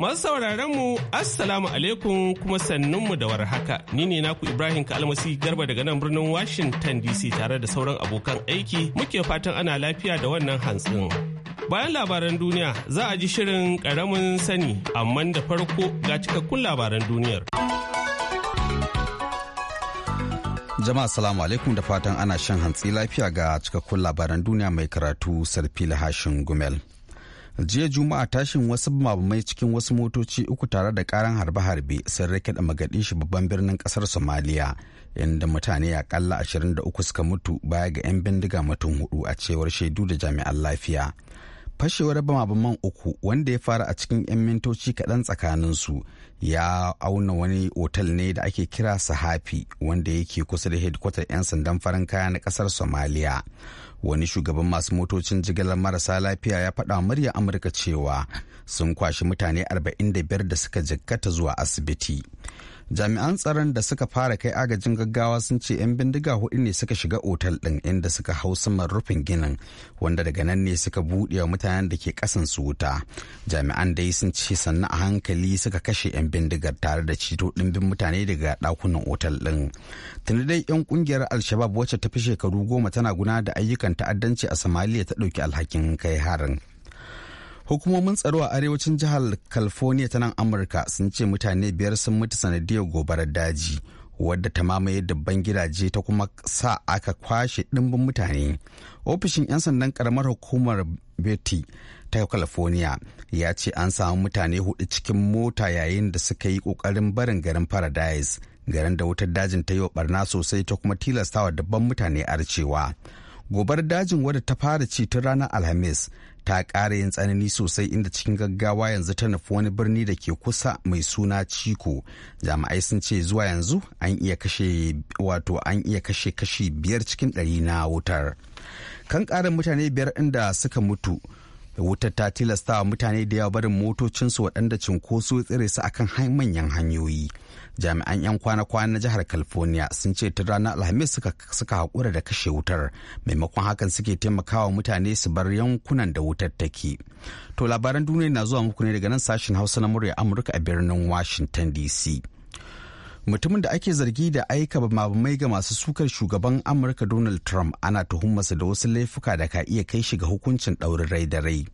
Masu sauraron mu Assalamu alaikum kuma sannun mu da warhaka. Ni ne naku Ibrahim Kalmasi Garba daga nan birnin Washington DC tare da sauran abokan aiki muke fatan ana lafiya da wannan hantsin. Bayan labaran duniya za a ji shirin karamin sani amma da farko ga cikakkun labaran duniyar. Jama'a salamu alaikum da fatan ana shan hantsi lafiya ga cikakkun labaran duniya mai karatu Sarfil Hashin Gumel. jiya juma'a tashin wasu mabamai cikin wasu motoci uku tare da karan harbe-harbe sun da magadin shi babban birnin kasar somaliya inda mutane akalla 23 suka mutu baya ga 'yan bindiga mutum hudu a cewar shaidu da jami'an lafiya fashewar mabaman uku wanda ya fara a cikin 'yan mintoci kaɗan su ya auna wani otal ne da ake kira sahafi wanda yake kusa da hedkwatar 'yan sandan farin kaya na ƙasar somaliya wani shugaban masu motocin jigilar marasa lafiya ya faɗa murya amurka cewa sun kwashi mutane 45 da suka jikkata zuwa asibiti jami'an tsaron da suka fara kai agajin gaggawa sun ce 'yan bindiga hudu ne suka shiga otal ɗin inda suka hau saman rufin ginin wanda daga nan ne suka buɗe wa mutanen da ke ƙasan su wuta jami'an dai sun ce sannan a hankali suka kashe 'yan bindigar tare da cito ɗimbin mutane daga ɗakunan otal ɗin tuni dai 'yan ƙungiyar alshabab wacce ta fi shekaru goma tana guna da ayyukan ta'addanci a somaliya ta ɗauki alhakin kai harin hukumomin tsaro a arewacin jihar california ta nan amurka sun ce mutane biyar sun mutu sanadiyar gobarar daji wadda ta mamaye dabban gidaje ta kuma sa aka kwashe dimbin mutane ofishin 'yan sandan karamar hukumar betty ta california ya ce an samu mutane hudu cikin mota yayin da suka yi kokarin barin garin paradise garin da wutar dajin ta yi wa barna sosai ta kuma tilastawa dabban mutane arcewa gobar dajin wadda ta fara ci tun ranar alhamis ta ƙara yin tsanani sosai inda cikin gaggawa yanzu ta nufi wani birni da ke kusa mai suna ciko jami'ai sun ce zuwa yanzu an iya kashe wato an iya kashe kashi biyar cikin ɗari na wutar kan ƙarin mutane biyar inda suka mutu wutar ta tilasta wa mutane da yawa barin motocinsu waɗanda cinkoso tsire su akan manyan hanyoyi jami'an 'yan kwana-kwana na jihar california sun ce ta ranar alhamis suka haƙura da kashe wutar maimakon hakan suke taimakawa mutane su bar yankunan da wutar take to labaran duniya na zuwa muku ne daga nan sashen hausa na murya amurka a birnin washington dc mutumin da ake zargi da aika mabamai ga masu sukar shugaban amurka donald trump ana tuhumarsa da wasu laifuka da ka iya kai shi ga hukuncin ɗaurin rai da rai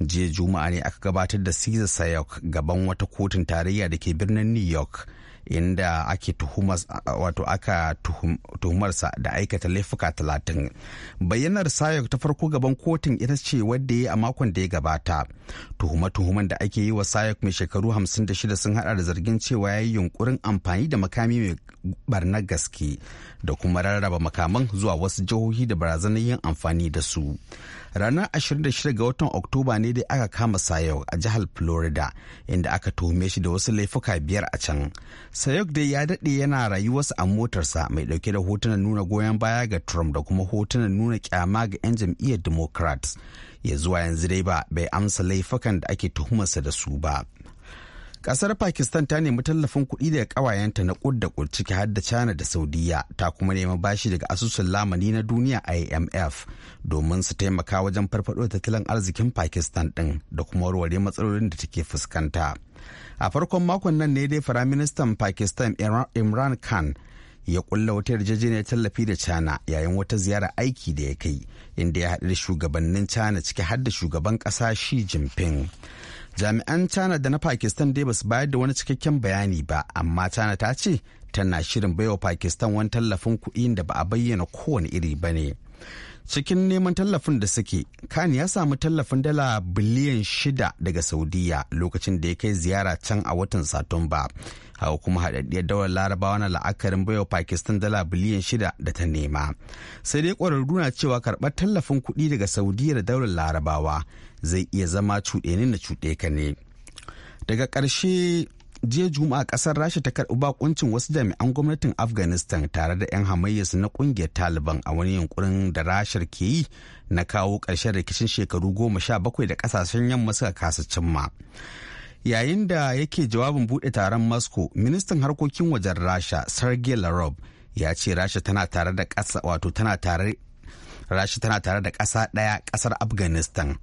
jiya juma'a ne aka gabatar da caesar sayok gaban wata kotun tarayya da ke birnin new york inda ake wato aka tuhumarsa da aikata laifuka talatin bayyanar sayak ta farko gaban kotun ita ce wadda ya yi a makon da ya gabata tuhuma-tuhuman da ake yi wa sayok mai shekaru 56 sun hada da zargin cewa ya yi yunkurin amfani da makami mai barnar gaske da kuma rarraba makaman zuwa wasu jihohi da barazanar yin amfani da su ranar 26 ga watan oktoba ne dai aka kama sayok a jihar florida inda aka tuhume shi da wasu laifuka biyar a can sayok dai ya daɗe yana rayuwarsa a motarsa mai ɗauke da hotunan nuna goyon baya ga trump da kuma hotunan nuna kyama ga 'yan jam'iyyar democrats ya zuwa yanzu dai ba bai amsa laifukan da ake tuhumarsa da su ba Kasar Pakistan ta nemi tallafin kuɗi daga ƙawayenta na ƙud da ƙud ciki har da China da Saudiya ta kuma nemi bashi daga asusun lamani na duniya IMF domin su taimaka wajen farfaɗo tattalin arzikin Pakistan ɗin da kuma warware matsalolin da take fuskanta. A farkon makon nan ne dai Firaministan Pakistan Imran Khan ya kulla wata yarjejeniyar tallafi da China yayin wata ziyara aiki da ya kai inda ya haɗu da shugabannin China ciki har da shugaban ƙasa shi Jinping. jami'an china da na pakistan dai basu bayar da wani cikakken bayani ba amma china ta ce tana shirin baiwa pakistan wani tallafin kuɗi da ba a bayyana kowane iri ba ne cikin neman tallafin da suke kan ya samu tallafin dala biliyan shida daga saudiya lokacin da ya kai ziyara can a watan satumba haka kuma haɗaɗɗiyar daular larabawa na la'akarin baiwa pakistan dala biliyan shida da ta nema sai dai ƙwararru na cewa karɓar tallafin kuɗi daga saudiya da daular larabawa zai iya zama cuɗe na cuɗe ka ne daga ƙarshe jiya juma'a ƙasar rasha ta karɓi bakuncin wasu jami'an gwamnatin afghanistan tare da 'yan hamayyarsu na ƙungiyar taliban a wani yunkurin da rashar ke yi na kawo ƙarshen rikicin shekaru goma sha bakwai da ƙasashen yamma suka kasa cimma yayin da yake jawabin buɗe taron moscow ministan harkokin wajen rasha sergei Lavrov ya ce rasha tana tare da ƙasa wato tana tare rasha tana tare da ƙasa ɗaya ƙasar afghanistan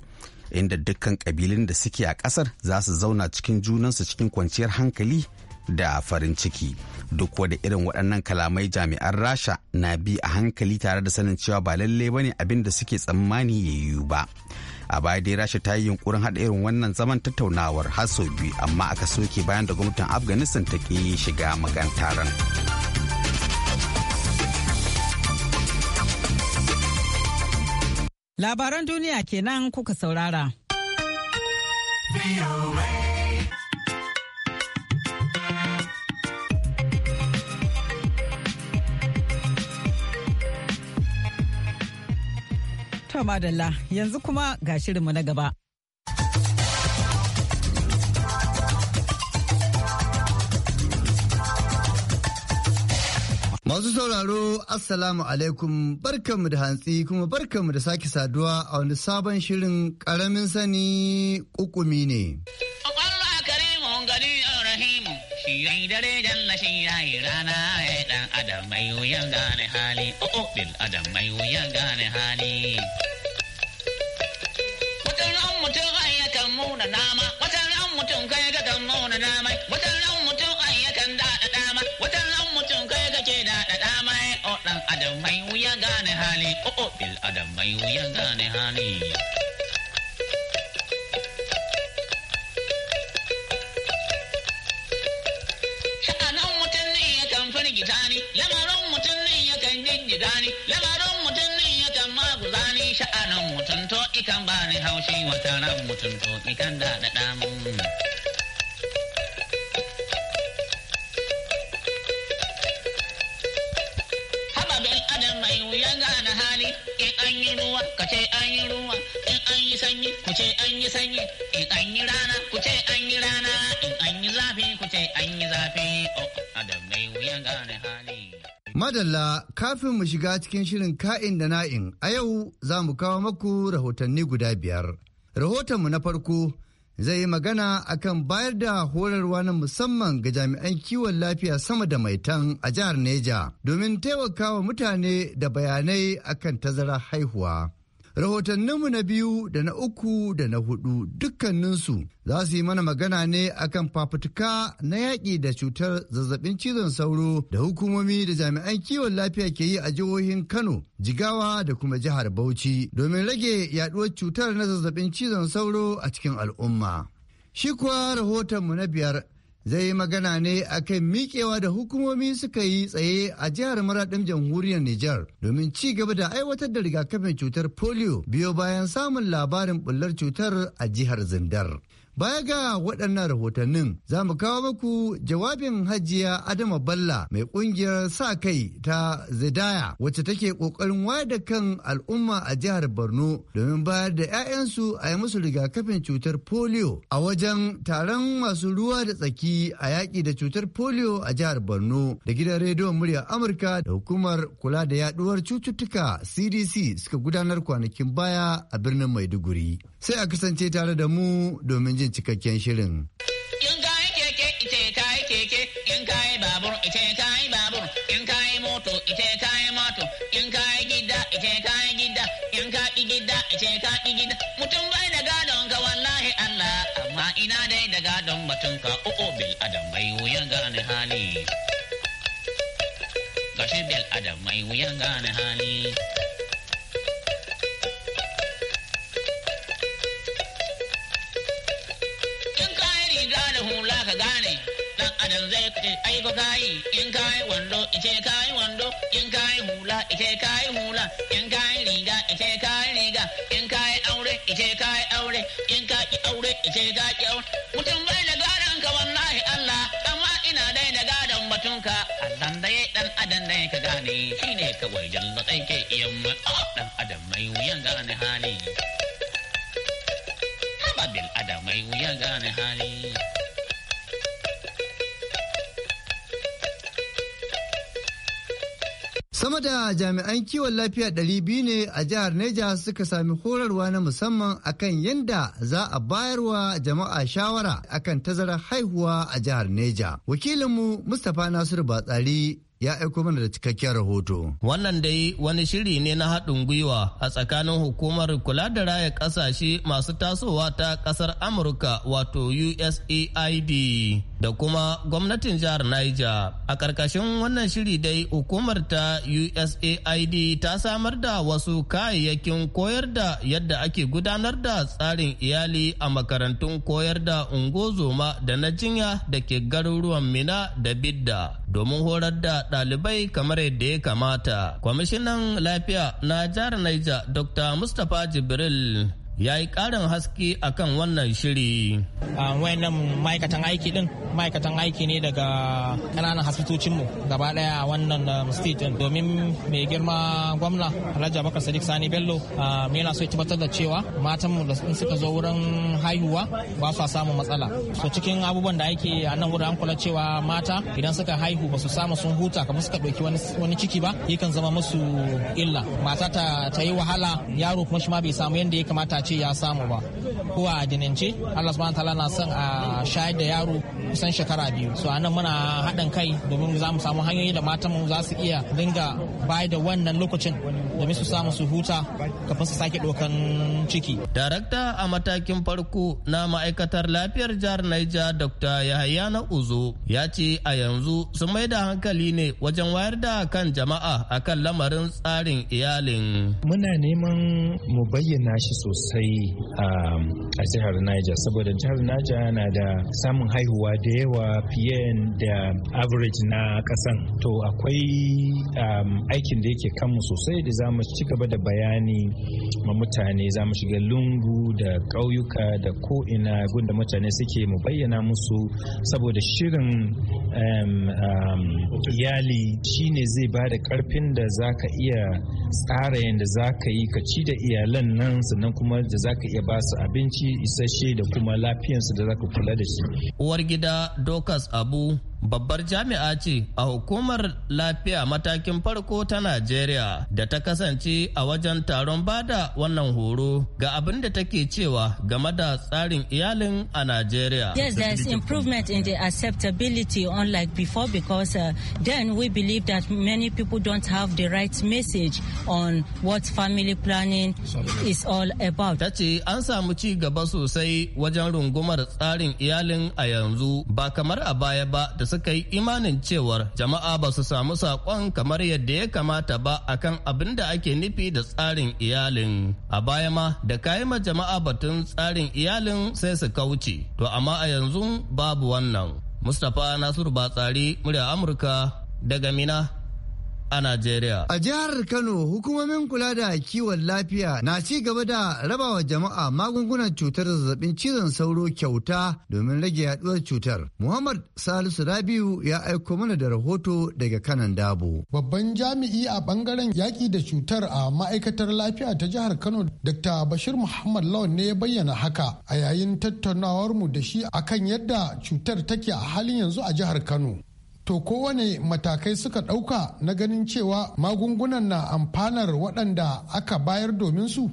inda dukkan kabilun da suke a kasar za su zauna cikin junansu cikin kwanciyar hankali da farin ciki duk wada irin waɗannan kalamai jami'an rasha na bi a hankali tare da sanin cewa ba lallai bane abin da suke tsammani ya yiwu ba a baya dai rasha ta yi yunkurin haɗa irin wannan zaman tattaunawar har sau biyu amma aka soke bayan da gwamnatin afghanistan ta ƙi shiga magantaran. taron Labaran duniya kenan kuka saurara. Tama dala, yanzu kuma ga shirinmu na gaba. Masu sauraro, Assalamu alaikum barkanmu da hantsi kuma barkanmu da sake saduwa a wani sabon shirin karamin sani ƙuƙumi ne. Shirai dare janna shirai hali, oh, oh, hali. mutum nama, nama, adam mai wuya gane hali o'o oh, oh, bil mai wuya gane hali sha'anan mutum ne ya kan firgita ni lamarin mutum ne ya kan jijjiga ni lamarin ya kan maguza ni sha'anan mutum to bani haushi wata ran mutum to ikan daɗaɗa mun ce an yi sanyi in an yi rana ku ce an yi rana in an yi zafi ku ce an yi zafi oh adam mai wuyan gane hali Madalla kafin mu shiga cikin shirin ka'in da na'in a yau za mu kawo maku rahotanni guda biyar. Rahotonmu na farko zai yi magana akan bayar da horarwa na musamman ga jami'an kiwon lafiya sama da maitan a jihar Neja domin taimakawa mutane da bayanai akan tazarar haihuwa. Rahotanninmu na biyu da na uku da na hudu dukkaninsu za su yi mana magana ne akan fafutuka na yaƙi da cutar zazzabin cizon sauro da hukumomi da jami'an kiwon lafiya ke yi a jihohin Kano, Jigawa da kuma jihar Bauchi domin rage yaduwar cutar na zazzabin cizon sauro a cikin al'umma. Shi kuwa rahotonmu na biyar zai yi magana ne a kan miƙewa da hukumomi suka yi tsaye a jihar maraɗin jamhuriyar Nijar domin ci gaba da aiwatar da rigakafin cutar polio biyo bayan samun labarin bullar cutar a jihar Zindar. Baya ga waɗannan rahotannin za mu kawo muku jawabin hajiya Adama Balla mai ƙungiyar sa kai ta Zidaya wacce take ƙoƙarin wayar da kan al'umma a jihar Borno domin bayar da 'ya'yansu a yi musu rigakafin cutar polio a wajen taron masu ruwa da tsaki a yaƙi da cutar polio a jihar Borno da gidan rediyon murya Amurka da hukumar kula da yaɗuwar cututtuka CDC suka gudanar kwanakin baya a birnin Maiduguri. Sai a kasance tare da mu domin jin cikakken shirin. In ka yi keke ite ka yi keke, in ka yi babur ite ka yi babur, in ka yi moto ite ka yi moto, in ka yi gida ite ka yi gida, in ka yi gida ite ka yi gida. Mutum bai da gadon ka wallahi Allah, amma ina dai da gadon batun ka o'o bil adam mai wuyan gane hali. Gashi bil adam mai wuyan gane hali. ai ba kai in kai wando ice kai wando in kai hula ice kai hula in kai riga ice kai riga in kai aure ice kai aure in ka aure ice ka aure mutum bai da gadon ka wallahi Allah amma ina dai da gadon batun ka Allah dai dan adam dai ka gane shine kawai jalla dai ke iyamma ah, dan adam mai wuyan gane hali haba adam mai wuyan gane hali Sama da jami'an kiwon lafiya ɗari biyu ne a jihar Neja suka sami horarwa na musamman akan yadda za a bayarwa jama'a shawara akan tazarar haihuwa a jihar Neja. Wakilinmu Mustapha Nasiru Batsari ya aiko mana da cikakken rahoto. Wannan dai wani shiri ne na haɗin gwiwa a tsakanin hukumar kula da raya ƙasashe masu tasowa ta ƙasar Amurka wato USAID da kuma gwamnatin jihar Niger. A ƙarƙashin wannan shiri dai hukumar ta USAID ta samar da wasu kayayyakin koyar da yadda ake gudanar da tsarin iyali a makarantun koyar da ungozoma da na jinya da ke garuruwan Mina da Bidda domin horar da dalibai ɗalibai kamar yadda ya kamata. Kwamishinan lafiya na jihar Niger Dr. Mustapha Jibril ya yi ƙarin haske akan wannan shiri. wayannan ma'aikatan aiki din ma'aikatan aiki ne daga ƙananan asibitocinmu gaba ɗaya wannan um, state din domin mai girma gwamna alhaji abubakar sadiq sani bello uh, yana so ya tabbatar da cewa matanmu da suka zo wurin haihuwa ba su samu matsala so cikin abubuwan da ake a nan wurin an kula cewa mata idan suka haihu ba su samu sun huta kamar suka ɗauki wani ciki ba yakan zama musu illa mata ta yi wahala yaro kuma shi ma bai samu yadda ya kamata ce ya samu ba ko a adinance Allah subhanahu Tala na son a shayar da yaro kusan shekara biyu so anan muna haɗin kai domin za mu samu hanyoyi da matan mu za su iya dinga bayar da wannan lokacin domin su samu su huta kafin su sake dokan ciki. Darakta a matakin farko na ma'aikatar lafiyar jihar Naija Dr. Yahaya na Uzo ya ce a yanzu sun mai da hankali ne wajen wayar da kan jama'a akan lamarin tsarin iyalin. Muna neman mu bayyana shi sosai um, a jihar Naija saboda jihar Naija na da samun haihuwa da yawa fiye da average na kasan. To akwai um, aikin da yake kanmu sosai da za za mu ci gaba da bayani ma mutane za mu shiga lungu da ƙauyuka da ko'ina gunda mutane suke mu bayyana musu saboda shirin iyali shine zai ba da karfin da za ka iya tsara yadda za ka yi ka ci da iyalan nan sannan kuma da za ka iya ba su abinci isasshe da kuma lafiyansu da za ka kula da shi. Uwar gida Dokas Abu babbar jami'a ce a hukumar lafiya matakin farko ta Najeriya da ta kasance a wajen taron bada wannan horo ga abin da take cewa game da tsarin iyalin a Najeriya. Yes, there is improvement in the acceptability on on like before because uh, then we believe that many people don't have the right message on what family planning is all about. Ta ce an samu ci gaba sosai wajen rungumar tsarin iyalin a yanzu ba kamar a baya ba da suka yi imanin cewar jama'a ba su samu saƙon kamar yadda ya kamata ba akan abin da ake nufi da tsarin iyalin. A baya ma da kayima jama'a batun tsarin iyalin sai su kauce, to amma a yanzu babu wannan. Mustapha Nasiru Batsari murya Amurka daga Mina a Najeriya. A jihar Kano hukumomin kula da kiwon lafiya na ci gaba da rabawa jama'a magungunan cutar zazzabin cizon sauro kyauta domin rage yaduwar cutar. Muhammad Salisu Rabiu ya aiko mana da rahoto daga kanan dabo. Babban jami'i a bangaren yaki da cutar a ma'aikatar lafiya ta jihar Kano Dr. Bashir Muhammad Lawan ne ya bayyana haka a yayin tattaunawar mu da shi akan yadda cutar take a halin yanzu a jihar Kano. To kowane matakai suka ɗauka na ganin cewa magungunan na amfanar waɗanda aka bayar domin su?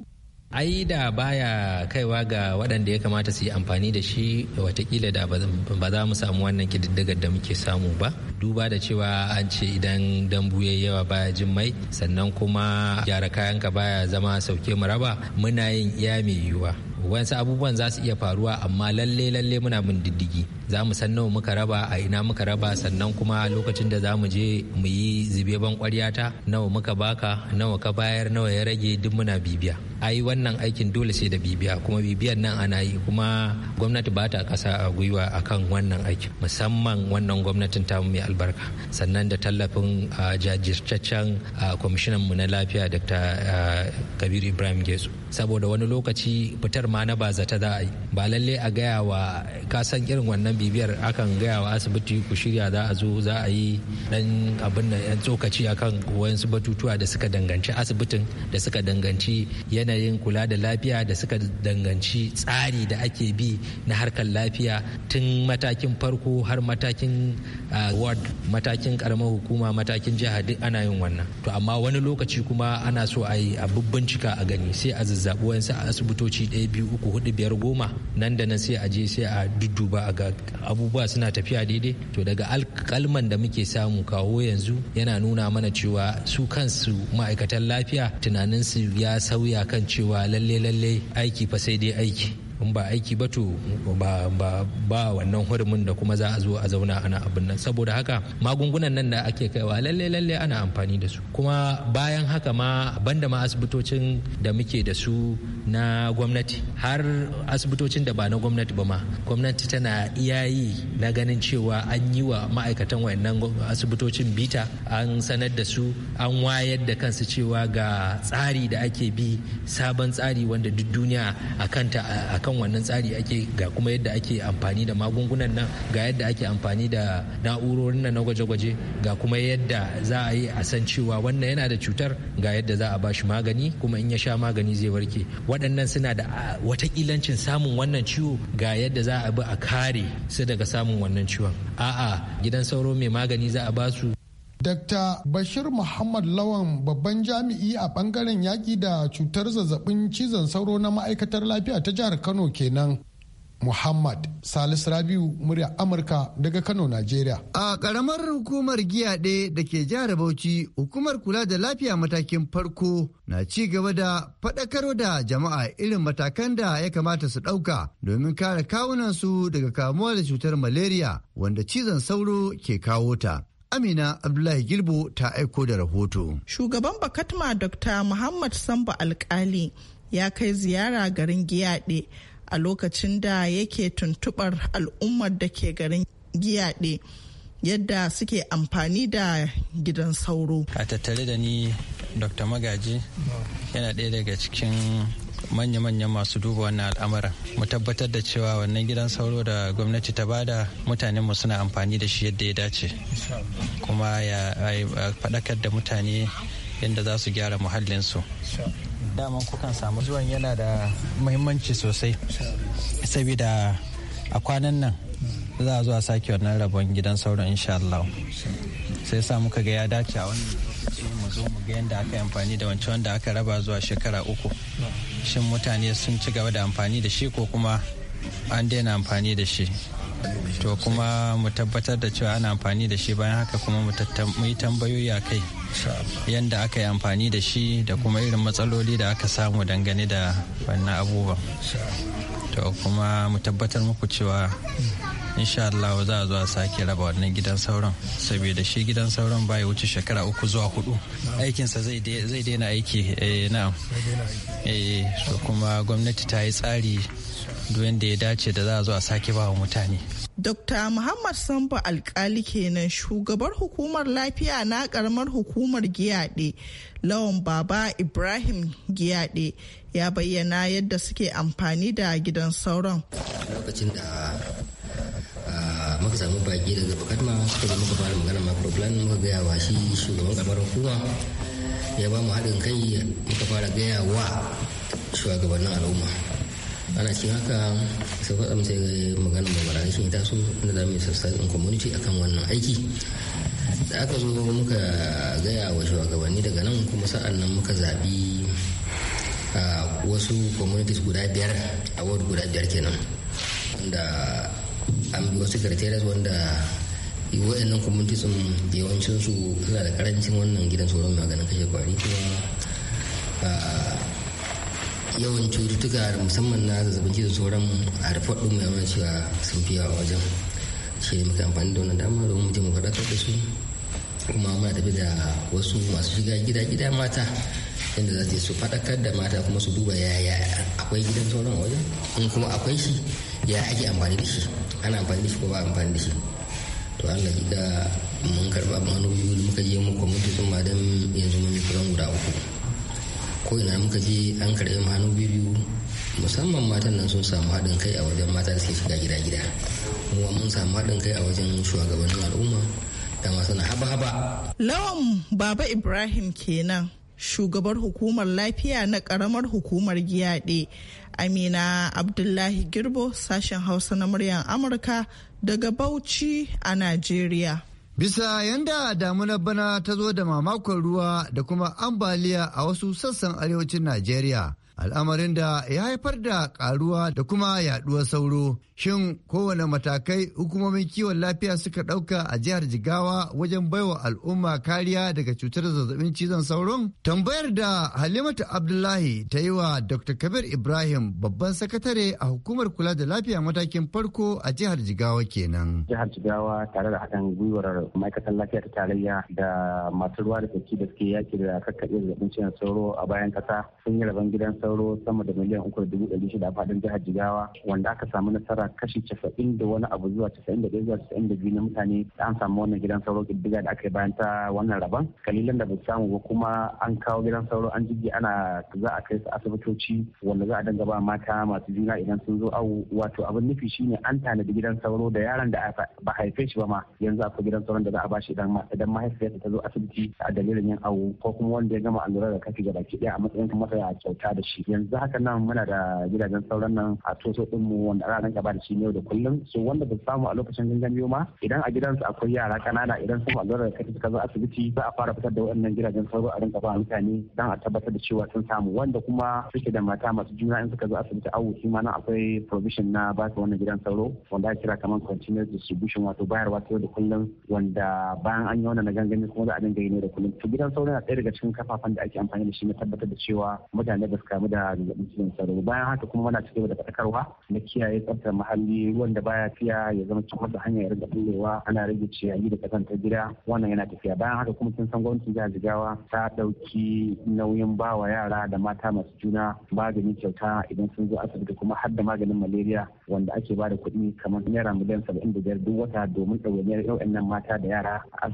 ai da baya kaiwa ga waɗanda ya kamata su yi amfani da shi watakila da ba za mu samu wannan kididdigar da muke samu ba duba da cewa an ce idan dambu ya yawa baya jin mai sannan kuma gyara kayanka baya zama sauke maraba muna yin iya mai yiwuwa wasu abubuwan za su iya faruwa amma lalle lalle muna bin diddigi za mu san nawa muka raba a ina muka raba sannan kuma lokacin da za mu je mu yi zube ban ta nawa muka baka nawa ka bayar nawa ya rage duk muna bibiya ai wannan aikin dole sai da bibiya kuma bibiyan nan ana yi kuma gwamnati ba ta kasa a gwiwa akan wannan aikin musamman wannan gwamnatin ta mai albarka sannan da tallafin jajirtaccen kwamishinan mu na lafiya dr kabiru ibrahim gesu saboda wani lokaci fitar ma na ba zata za a yi ba lalle a gaya wa kasan irin wannan bibiyar akan gaya wa asibiti ku shirya za a zo za a yi dan abin da yan tsokaci akan wayansu batutuwa da suka danganci asibitin da suka danganci yanayin kula da lafiya da suka danganci tsari da ake bi na harkar lafiya tun matakin farko har matakin ward matakin karamar hukuma matakin jiha duk ana yin wannan to amma wani lokaci kuma ana so a yi a bincika a gani sai a zazzabi wayansu asibitoci ɗaya biyu uku hudu biyar goma nan da nan sai a je sai a dudduba a ga abubuwa suna tafiya daidai to daga alkalman da muke samu kawo yanzu yana nuna mana cewa su kansu ma'aikatan lafiya tunaninsu ya sauya kan cewa lalle lalle aiki fa sai dai aiki in ba aiki ba to ba wannan hurumin da kuma za a zo a zauna ana abin nan saboda haka magungunan nan da ake kaiwa lalle lalle ana amfani da su kuma bayan haka ma banda ma asibitocin da muke da su na gwamnati har asibitocin da ba na gwamnati ba ma gwamnati tana iya yi na ganin cewa an yi wa ma'aikatan wayannan asibitocin bita an sanar da su an wayar da kansu cewa ga tsari da ake bi sabon tsari wanda duk duniya akan kan wannan tsari ake ga kuma yadda ake amfani da magungunan nan ga yadda ake amfani da na'urorin nan na gwaje-gwaje ga kuma yadda za a yi a san cewa wannan yana da cutar ga yadda za a ba shi magani kuma in ya sha magani zai warke waɗannan suna da watakilancin samun wannan ciwo ga yadda za a bi a kare su daga samun wannan ciwon a'a gidan sauro mai magani za a ba su Dr. Bashir Muhammad Lawan babban jami'i a bangaren yaƙi da cutar zazzabin cizon sauro na ma'aikatar lafiya ta jihar Kano kenan. Muhammad Salisu Rabiu murya Amurka daga Kano, Najeriya. A ƙaramar hukumar giyaɗe da ke jihar Bauchi, hukumar kula da lafiya matakin farko na ci gaba da faɗakar da jama'a irin matakan da ya kamata su ɗauka domin kare kawunan su daga kamuwa da cutar malaria wanda cizon sauro ke kawo ta. Amina Abdullahi Girbo ta aiko da rahoto. Shugaban Bakatma Dr. Muhammad Samba Alkali ya kai ziyara garin Giyaɗe a lokacin da yake tuntubar al'ummar da ke garin Giyaɗe yadda suke amfani da gidan sauro. A tattare da ni Dr. Magaji mm. yana ɗaya daga cikin manya-manyan masu duba wannan al'amura mu tabbatar da cewa wannan gidan sauro da gwamnati ta bada mutanen mu suna amfani da shi yadda ya dace kuma ya faɗakar da mutane yadda za su gyara muhallinsu daman kukan samu zuwan yana da muhimmanci sosai saboda a kwanan nan za a zo a sake wannan rabon gidan sauro insha Allah sai sa muka ga ya dace a wannan zo mu ga yadda aka yi amfani da wancan wanda aka raba zuwa shekara uku shin mutane sun ci gaba da amfani da shi ko kuma an daina amfani da shi to kuma mu tabbatar da cewa ana amfani da shi bayan haka kuma mu yi tambayoyi a kai yadda aka yi amfani da shi da kuma irin matsaloli da aka samu dangane da wannan abubuwan to kuma mu tabbatar muku cewa insha Allah za a zo a sake raba wannan gidan sauran saboda shi gidan sauran bai wuce shekara uku zuwa hudu aikinsa zai daina aiki eh, na eh, so kuma gwamnati ta yi tsari wanda ya dace da za a zo a sake ba wa mutane. Dokta Muhammad sambo alkali kenan shugabar hukumar lafiya na karamar hukumar giyaɗe lawan baba Ibrahim giyaɗe ya bayyana yadda suke amfani da gidan sauron. Lokacin da ah, muka samu baki daga bukatma suka zama muka fara magana macroplan muka gaya wa shi shugaban kamar hukuma ya ba mu haɗin kai muka fara gaya wa shugabannin al'umma ana cikin haka sai kwatsam sai magana mai mara shi ta so inda za mu yi in community akan wannan aiki da aka zo muka gaya wa shugabanni daga nan kuma sa'an nan muka zaɓi wasu communities guda biyar a ward guda biyar kenan wanda an bi wasu criterias wanda wa'annan communities sun yawancin su suna da karancin wannan gidan tsoron maganin kashe kwari kuma yawan cututtuka musamman na zazzabin cizon sauran a report din mai nuna cewa sun fi yawa wajen shi ne muka amfani da wannan dama domin mu je mu faɗa da su kuma muna tafi da wasu masu shiga gida gida mata inda za su su faɗakar da mata kuma su duba yaya akwai gidan sauran wajen in kuma akwai shi ya ake amfani da shi ana amfani da shi ko ba amfani da shi to allah da mun karɓa manobi da muka je mu kwamiti sun ma don yanzu mun yi kusan guda uku ko ina muka je an karɓi hannu biyu musamman matan nan sun samu haɗin kai a wajen mata da suke shiga gida-gida mu mun samu haɗin kai a wajen shugabannin al'umma da masu haba-haba lawan baba ibrahim kenan shugabar hukumar lafiya na karamar hukumar giyaɗe amina abdullahi girbo sashen hausa na muryar amurka daga bauchi a najeriya bisa yanda damunar bana ta zo da mamakon ruwa da kuma ambaliya a wasu sassan arewacin najeriya al'amarin da ya haifar da karuwa da kuma yaduwar sauro shin kowane matakai hukumomin kiwon lafiya suka dauka a jihar jigawa wajen baiwa al'umma kariya daga cutar zazzabin cizon sauron tambayar da halimatu abdullahi ta yi wa dr kabir ibrahim babban sakatare a hukumar kula da lafiya matakin farko a jihar jigawa kenan jihar jigawa tare da haɗin gwiwar ma'aikatan lafiya ta tarayya da masu ruwa da tsaki da suke yaki da kakkaɓe zazzabin cizon sauro a bayan kasa sun yi rabon gidan sauro sama da miliyan uku da dubu ɗari shida a faɗin jihar Jigawa wanda aka samu nasara kashi casa'in da wani abu zuwa casa'in da ɗaya zuwa casa'in da biyu na mutane da an samu wannan gidan sauro ƙiddiga da aka yi bayan ta wannan rabon kalilan da ba samu ba kuma an kawo gidan sauro an jirgi ana za a kai su asibitoci wanda za a dinga ba mata masu juna idan sun zo awo wato abin nufi shine an tanadi gidan sauro da yaron da ba haife shi ba ma yanzu akwai gidan sauron da za a ba shi idan mahaifiyarsa ta zo asibiti a dalilin yin awo ko kuma wanda ya gama allurar da kafi gaba ki daya a matsayin a kyauta da shi shi yanzu haka nan muna da gidajen sauran nan a toso din mu wanda ana gaba da shi ne da kullum so wanda ba samu a lokacin gangan ma idan a gidansu akwai yara kanana idan sun allura da kai suka zo asibiti za a fara fitar da wannan gidajen sauro a rinka ba mutane dan a tabbatar da cewa sun samu wanda kuma suke da mata masu juna in suka zo asibiti a shi ma nan akwai provision na ba su wannan gidan sauro wanda ake kira kaman continuous distribution wato bayarwa ta da kullum wanda bayan an yi wannan gangami kuma za a dinga yi ne da kullum to gidan sauro na daga cikin kafafan da ake amfani da shi na tabbatar da cewa mutane ba su kamu da zazzabin cizon sauro bayan haka kuma muna cikin da faɗakarwa na kiyaye tsaftar muhalli wanda da baya fiya ya zama cikin wata hanyar ya rinka bullewa ana rage ciyayi da kasantar gida wannan yana tafiya bayan haka kuma sun san gwamnatin jihar jigawa ta ɗauki nauyin ba wa yara da mata masu juna magani kyauta idan sun zo asibiti kuma har da maganin malaria wanda ake ba da kuɗi kamar naira miliyan saba'in da biyar duk wata domin ɗawainiyar yau nan mata da yara a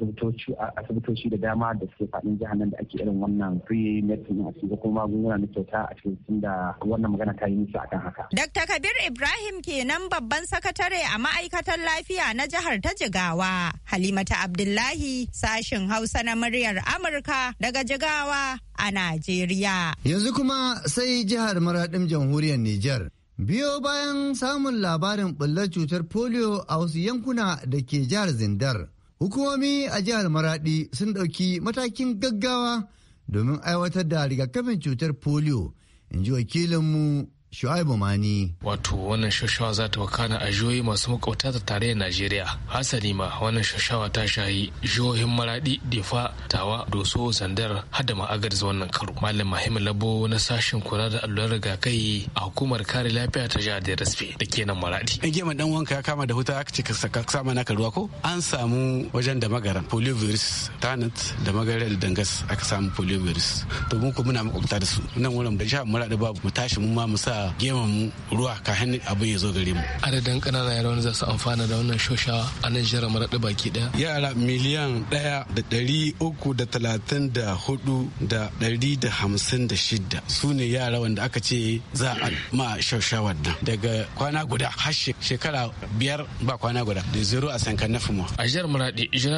asibitoci da dama da suke faɗin jihar nan da ake irin wannan free medicine a cikin kuma magunguna na kyauta a cikin da wannan magana ta yi nisa akan haka. Dr. Kabir Ibrahim kenan babban sakatare a ma'aikatar lafiya na jihar ta Jigawa. Halimata Abdullahi sashin Hausa na muryar Amurka daga Jigawa a Najeriya. Yanzu kuma sai jihar Maraɗin Jamhuriyar Nijar. Biyo bayan samun labarin bullar cutar polio a wasu yankuna da ke jihar Zindar, hukumomi a jihar Maradi sun ɗauki matakin gaggawa domin aiwatar da rigakafin cutar polio, in ji wakilinmu Shu'aibu Mani. Wato wannan shashawa za ta wakana a jihohi masu makauta ta tarayyar Najeriya. Hasali ma wannan shashawa ta shayi jihohin Maradi, Difa, Tawa, Doso, Zandar har da ma'agadis wannan karo. Malam Mahimu Labo na sashen kula da allurar rigakafi a hukumar kare lafiya ta jihar da Rasfe da ke nan Maradi. In gema dan wanka ya kama da huta aka ce ka sama naka ruwa ko? An samu wajen da magaran poliovirus tanit da magaran dangas aka samu poliovirus. To mun ko muna makwabta da su. Nan wurin da jihar Maradi babu mu tashi mun ma mu sa sa gemun mu ruwa ka hannu abin ya zo gare mu adadin ƙananan yara wani za su amfana da wannan shoshawa a nan jihar maraɗi baki ɗaya yara miliyan ɗaya da ɗari uku da talatin da hudu da ɗari da hamsin da shida su ne yara wanda aka ce za a ma shoshawa nan daga kwana guda har shekara biyar ba kwana guda da zero a sankan na fumo a jihar maraɗi shi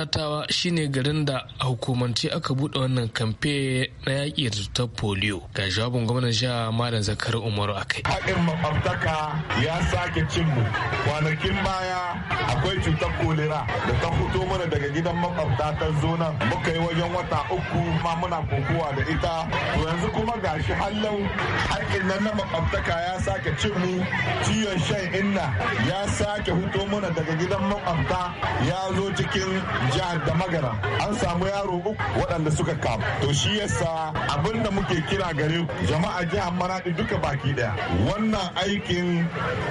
shine garin da a hukumance aka buɗe wannan kamfe na yaƙi da cutar polio ga jawabin gwamnan jiha malam zakar umaru a haɗin makwabtaka ya sake cinmu kwanakin baya akwai cutar kolera da ta fito mana daga gidan makwabta ta zo nan muka yi wajen wata uku ma muna kokowa da ita to yanzu kuma gashi hallau haƙin nan na makwabtaka ya sake cinmu ciwon shan inna ya sake fito mana daga gidan makwabta ya zo cikin jihar da magana an samu yaro uku waɗanda suka kama to shi yasa abinda muke kira gare jama'a jihar maraɗi duka baki ɗaya. wannan aikin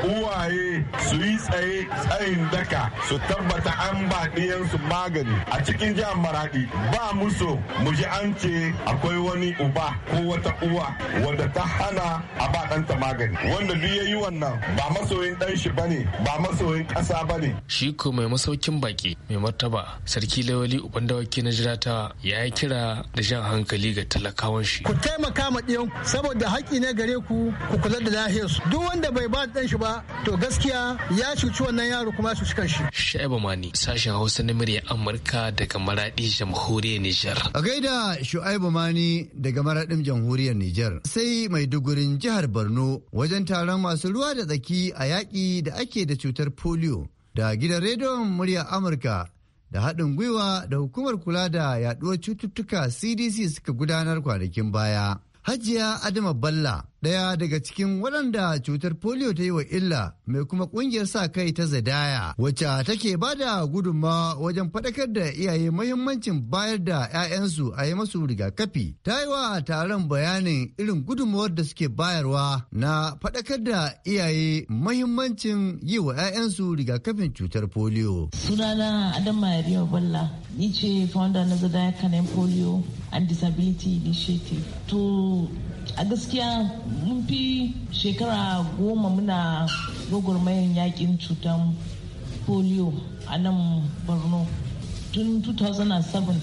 uwaye su yi tsaye tsayin daka su tabbata an ba ɗiyansu magani a cikin jihar maradi ba muso mu ji an ce akwai wani uba ko wata uwa wanda ta hana a ba ɗanta magani wanda duk ya yi wannan ba masoyin ɗan shi ne ba masoyin ƙasa bane shi ko mai masaukin baki mai martaba sarki lawali uban dawaki na jirata ya yi kira da jan hankali ga talakawan shi ku taimaka ma ɗiyan saboda haƙƙi ne gare ku ku kula cutar da lahiyarsu duk wanda bai ba dan shi ba to gaskiya ya cuci wannan yaro kuma cuci kanshi Shaibu Mani sashen Hausa na murya Amurka daga Maradi jamhuriyar Nijar a gaida Shu'aibu Mani daga maraɗin jamhuriyar Nijar sai mai dugurin jihar Borno wajen taron masu ruwa da tsaki a yaƙi da ake da cutar polio da gidan rediyon murya Amurka da haɗin gwiwa da hukumar kula da yaɗuwar cututtuka CDC suka gudanar kwanakin baya. Hajiya Adama Balla ɗaya daga cikin waɗanda cutar polio ta yi wa illa mai kuma ƙungiyar sa kai ta zadaya wacce take ba da guduma wajen faɗakar da iyaye mahimmancin bayar da 'ya'yansu a yi masu rigakafi ta yi wa taron bayanin irin gudunmawar da suke bayarwa na faɗakar da iyaye mahimmancin yi wa 'ya'yansu rigakafin cutar polio. sunana adam mariya balla ni ce founder na zadaya kanin polio and disability initiative to a gaskiya mun fi shekara goma muna gwagwarmayan yakin cutan polio a nan borno tun 2007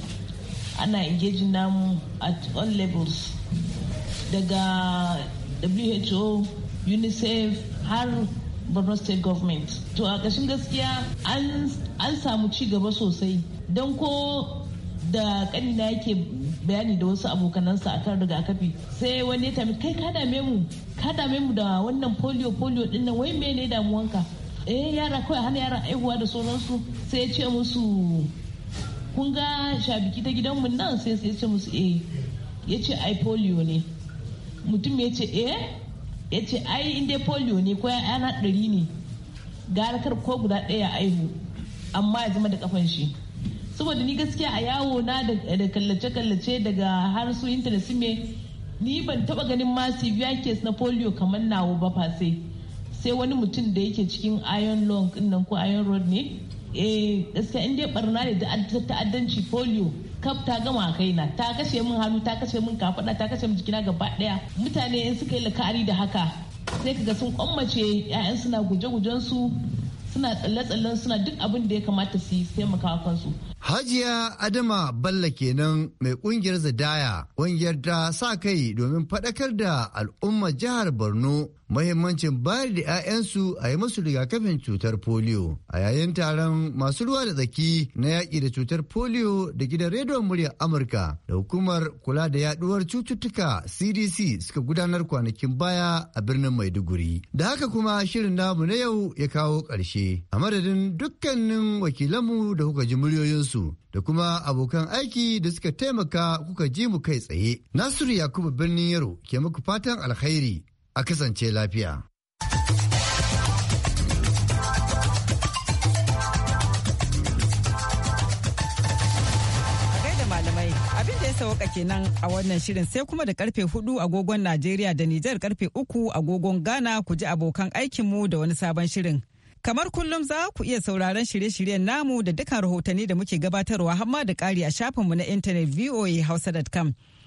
ana engaging namu at all levels daga who unicef har borno state government to a ƙashin gaskiya an samu ci gaba sosai don ko da kanina yake bayani da wasu abokanansa akan rigakafi sai wani ya kai ka dame mu ka dame mu da wannan polio polio din nan wai mene damuwanka eh yara kawai hana yara aihuwa da sauransu sai ya ce musu kun ga shabiki ta gidanmu nan sai sai ce musu eh ya ce ai polio ne mutum ya ce eh ya ce ai inda polio ne ko yana ɗari ne gara kar ko guda ɗaya aihu amma ya zama da kafan shi saboda ni gaskiya a yawo na da kallace-kallace daga har su intanet su me ni ban taba ganin ma severe case na polio kamar nawo ba fa sai sai wani mutum da yake cikin iron lung nan ko iron road ne eh gaskiya in dai barna ne da ta'addanci polio kaf ta gama kai na ta kashe min hannu ta kashe min kafada ta kashe min jikina gaba daya mutane in suka yi lakari da haka sai kaga sun kwammace 'ya'yan suna guje-gujen su suna tsalle-tsallen suna duk abin da ya kamata su yi sai taimaka Hajiya Adama Balla kenan mai kungiyar Zadaya, kungiyar ta sa kai domin faɗakar da al'ummar jihar Borno mahimmancin bayar da 'ya'yansu a yi musu rigakafin cutar polio a yayin taron masu ruwa da tsaki na yaƙi da cutar polio da gidan rediyon muryar amurka da hukumar kula da yaduwar cututtuka cdc suka gudanar kwanakin baya a birnin maiduguri da haka kuma shirin namu na yau ya kawo ƙarshe a madadin dukkanin wakilanmu da kuka ji muryoyinsu da kuma abokan aiki da suka taimaka kuka ji mu kai tsaye nasiru yakubu birnin yaro ke muku fatan alkhairi a kasance lafiya. abin da ya sauka kenan a wannan shirin sai kuma da karfe hudu agogon Najeriya da Nijar karfe uku agogon Ghana ku ji abokan aikinmu da wani sabon shirin. Kamar kullum za ku iya sauraron shirye-shiryen namu da dukkan rahotanni da muke gabatarwa hamma da ƙari a shafinmu na intanet voahausa.com.